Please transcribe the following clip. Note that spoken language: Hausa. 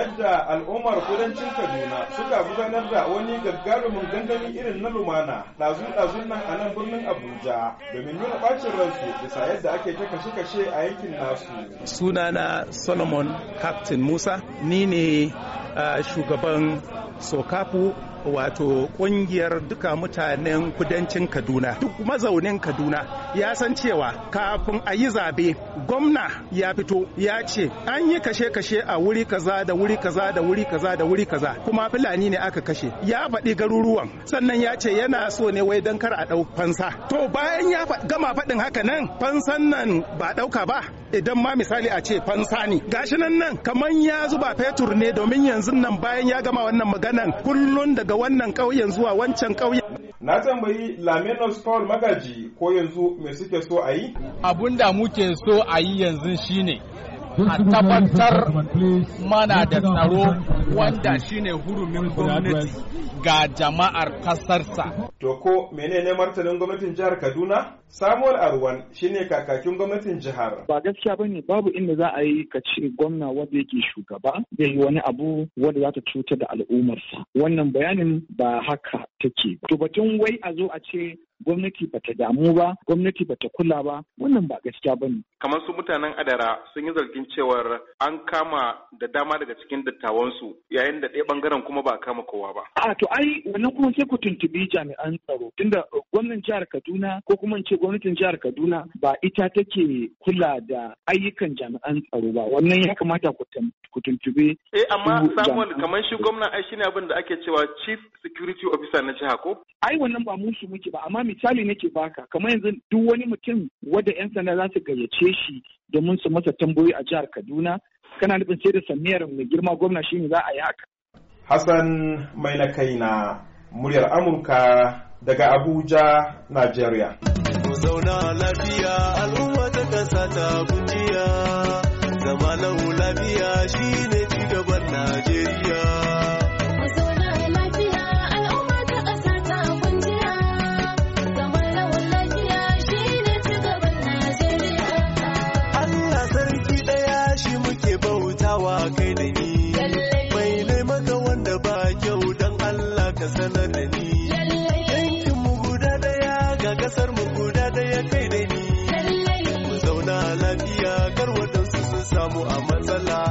yadda al'ummar kudancin kaduna suka gudanar da wani gaggarumin gangami irin na lumana ɗazun ɗazun nan a nan birnin abuja domin nuna ɓacin ransu bisa yadda ake ta kashe-kashe a yankin nasu sunana solomon captain musa ni ne shugaban sokafu wato kungiyar duka mutanen kudancin kaduna duk mazaunin kaduna ya san cewa kafin a yi zabe gwamna ya fito ya ce an yi kashe-kashe a wuri kaza da wuri kaza da wuri kaza da wuri kaza kuma fulani ne aka kashe ya faɗi garuruwan sannan ya ce yana so ne wai don kar a ɗau fansa to bayan ya gama faɗin haka nan fansan nan ba ɗauka ba idan ma misali a ce fansa ne gashi nan nan kamar ya zuba fetur ne domin yanzu nan bayan ya gama wannan maganan kullun daga wannan ƙauyen zuwa wancan ƙauyen na tambayi laminos paul magaji ko yanzu me suke so a yi abun da muke so a yi yanzu shine a tabbatar mana da tsaro wanda shine hurumin gwamnati ga jama'ar kasarsa. To ko menene martanin gwamnatin jihar Kaduna? Samuel Arwan shine kakakin gwamnatin jihar. Ba gaskiya bane babu inda za a yi ka ce gwamna wanda yake shugaba zai yi wani abu wanda za ta cutar da al'ummarsa. Wannan bayanin ba haka take. To batun wai a zo a ce gwamnati bata damu ba gwamnati bata kula ba wannan ba gaskiya bane kamar su mutanen adara sun yi zargin cewar an kama da dama daga cikin dattawansu yayin da ɗaya bangaren kuma ba kama kowa ba. A to ai wannan kuma sai ku tuntubi jami'an tsaro tunda gwamnan jihar Kaduna ko kuma in ce gwamnatin jihar Kaduna ba ita take kula da ayyukan jami'an tsaro ba wannan ya kamata ku tuntubi. Eh amma Samuel kamar shi gwamna ai shine abin da ake cewa chief security officer na jiha ko? Ai wannan ba musu muke ba amma misali nake baka kamar yanzu duk wani mutum wanda 'yan sanda za su gayyace gare shi domin su masa tambayoyi a jihar Kaduna kana nufin sai da samiyar mai girma gwamna ne za a yi haka Hassan mai na kai na muryar Amurka daga Abuja, Najeriya. Ku zauna lafiya al'umma ta kasa ta kujiya, zama lau lafiya shine cigaban Najeriya. kai da ni mai nai maka wanda ba kyau dan Allah ka sanar da ni yankin mu guda daya ga kasar mu guda daya kai da ni mu zauna lafiya kar wadansu sun samu a matsala